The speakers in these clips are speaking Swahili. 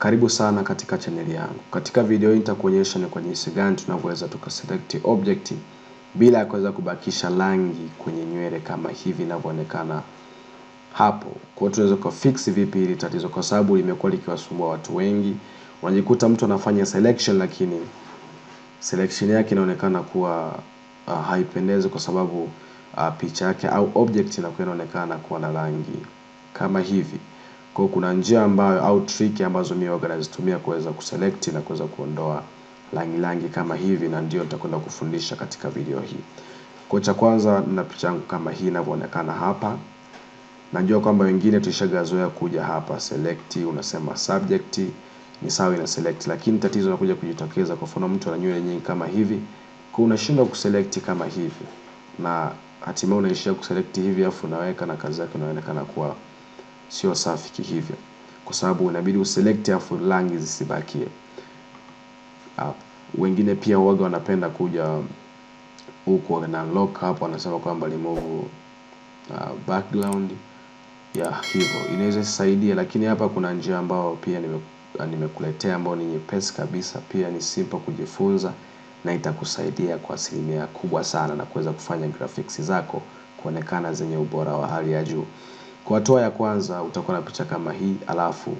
Karibu sana katika chaneli yangu. Katika video hii nitakuonyesha ni kwa jinsi gani tunavyoweza tukaselect object bila ya kuweza kubakisha rangi kwenye nywele kama hivi inavyoonekana hapo. Kwa hiyo tunaweza kwa fix vipi hili tatizo kwa sababu limekuwa likiwasumbua watu wengi. Unajikuta mtu anafanya selection lakini selection yake inaonekana kuwa uh, haipendezi kwa sababu uh, picha yake au object inakuwa inaonekana kuwa na rangi kama hivi. Kwa kuna njia ambayo au trick ambazo mimi huwa nazitumia kuweza kuselect na kuweza kuondoa rangi rangi kama hivi na ndio nitakwenda kufundisha katika video hii. Kwa cha kwanza na picha yangu kama hii inavyoonekana hapa. Najua kwamba wengine tulishagazoea kuja hapa select, unasema subject, ni sawa ina select lakini tatizo linakuja kujitokeza kwa mfano mtu ana nywele nyingi kama hivi, kwa unashindwa kuselect kama hivi na hatimaye unaishia kuselect hivi afu unaweka na kazi yako inaonekana kuwa sio safi kihivyo kwa sababu inabidi uselect afu rangi zisibakie hapo ah, wengine pia waga wanapenda kuja huku na lock hapo wanasema kwamba remove uh, background ya hivyo inaweza saidia lakini hapa kuna njia ambayo pia ah, nimekuletea nime, ambayo ni nyepesi kabisa pia ni simple kujifunza na itakusaidia kwa asilimia kubwa sana na kuweza kufanya graphics zako kuonekana zenye ubora wa hali ya juu kwa hatua ya kwanza utakuwa na picha kama hii alafu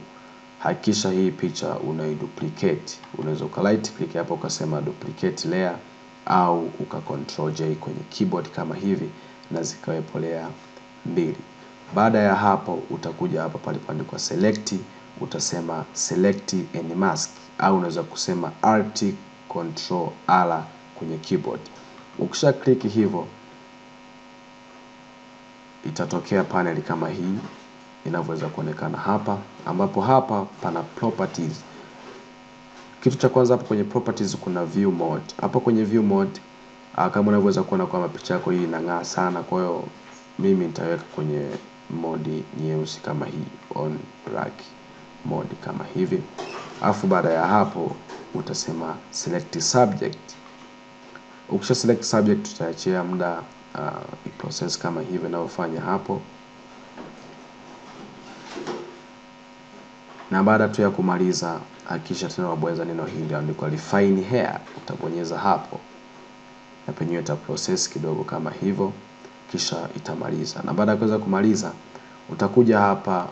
hakikisha hii picha unaiduplicate. Unaweza uka right click hapo ukasema duplicate layer au uka control J kwenye keyboard kama hivi na zikawepo layer mbili. Baada ya hapo utakuja hapa palipoandikwa select utasema select and mask au unaweza kusema alt control r kwenye keyboard. Ukisha click hivyo itatokea panel kama hii inavyoweza kuonekana hapa, ambapo hapa pana properties. Kitu cha kwanza hapo kwenye properties kuna view mode. Hapo kwenye view mode uh, kama unavyoweza kuona kwamba picha yako hii inang'aa sana, kwa hiyo mimi nitaweka kwenye modi nyeusi kama hii, on black mode kama hivi, alafu baada ya hapo utasema select subject. Ukisha select subject, tutaachia muda uh, process kama hivyo inavyofanya hapo na baada tu ya kumaliza hakikisha tena unabonyeza neno hili andikwa refine hair utabonyeza hapo na penyewe ta process kidogo kama hivyo kisha itamaliza na baada ya kuweza kumaliza utakuja hapa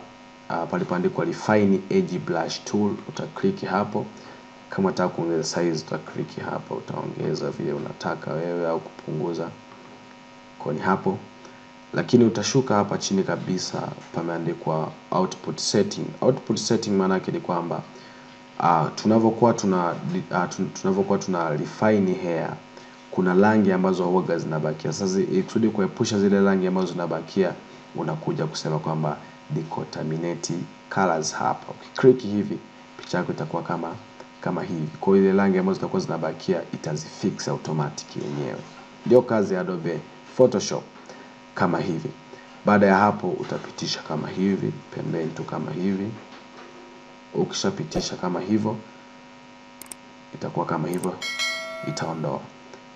uh, palipoandikwa refine edge brush tool utaklik hapo kama unataka kuongeza size utaklik hapa utaongeza vile unataka wewe au kupunguza kwenye hapo lakini utashuka hapa chini kabisa pameandikwa output setting output setting maana yake ni kwamba uh, tunavyokuwa tuna uh, tunavyokuwa tuna refine hair kuna rangi ambazo huaga zinabakia sasa ikusudi kuepusha zile rangi ambazo zinabakia unakuja kusema kwamba decontaminate colors hapa ukiklik hivi picha yako itakuwa kama kama hivi kwa hiyo ile rangi ambazo zitakuwa zinabakia itazifix automatic yenyewe ndio kazi ya Adobe Photoshop kama hivi. Baada ya hapo utapitisha kama hivi pembeni tu kama hivi. Ukishapitisha kama hivyo, itakuwa kama hivyo, itaondoa.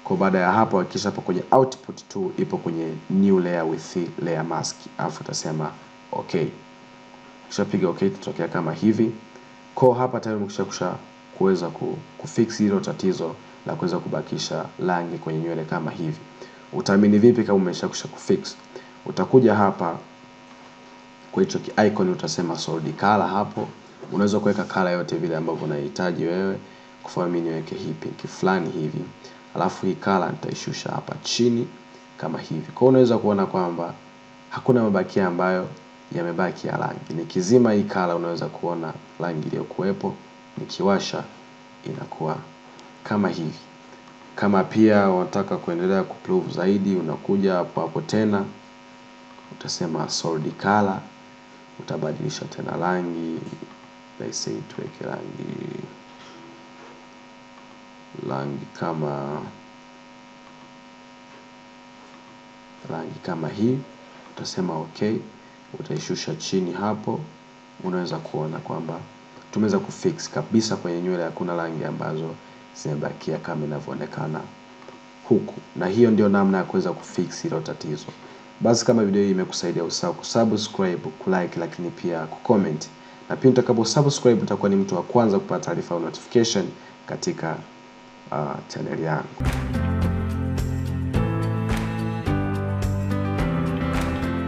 Kwa baada ya hapo, hakikisha hapo kwenye output tu ipo kwenye new layer with layer mask, alafu utasema okay. Ukishapiga okay, tutokea kama hivi. Kwa hapa tayari kusha kuweza kufix hilo tatizo la kuweza kubakisha rangi kwenye nywele kama hivi utaamini vipi kama umesha kusha kufix utakuja hapa kwa hicho ki icon utasema solid color hapo unaweza kuweka color yote vile ambavyo unahitaji wewe kwa mimi niweke hii pink fulani hivi alafu hii color nitaishusha hapa chini kama hivi kwa unaweza kuona kwamba hakuna mabakia ambayo yamebaki ya rangi nikizima hii color unaweza kuona rangi iliyokuwepo nikiwasha inakuwa kama hivi kama pia unataka kuendelea kuprove zaidi, unakuja hapo hapo tena utasema solid color, utabadilisha tena rangi let's say tuweke rangi rangi kama rangi kama hii, utasema okay, utaishusha chini hapo. Unaweza kuona kwamba tumeweza kufix kabisa kwenye nywele, hakuna rangi ambazo zimebakia kama inavyoonekana huku, na hiyo ndio namna ya kuweza kufix hilo tatizo. Basi kama video hii imekusaidia, usahau kusubscribe, kulike, lakini pia kucomment, na pia utakapo subscribe utakuwa ni mtu wa kwanza kupata taarifa au notification katika uh, chaneli yangu.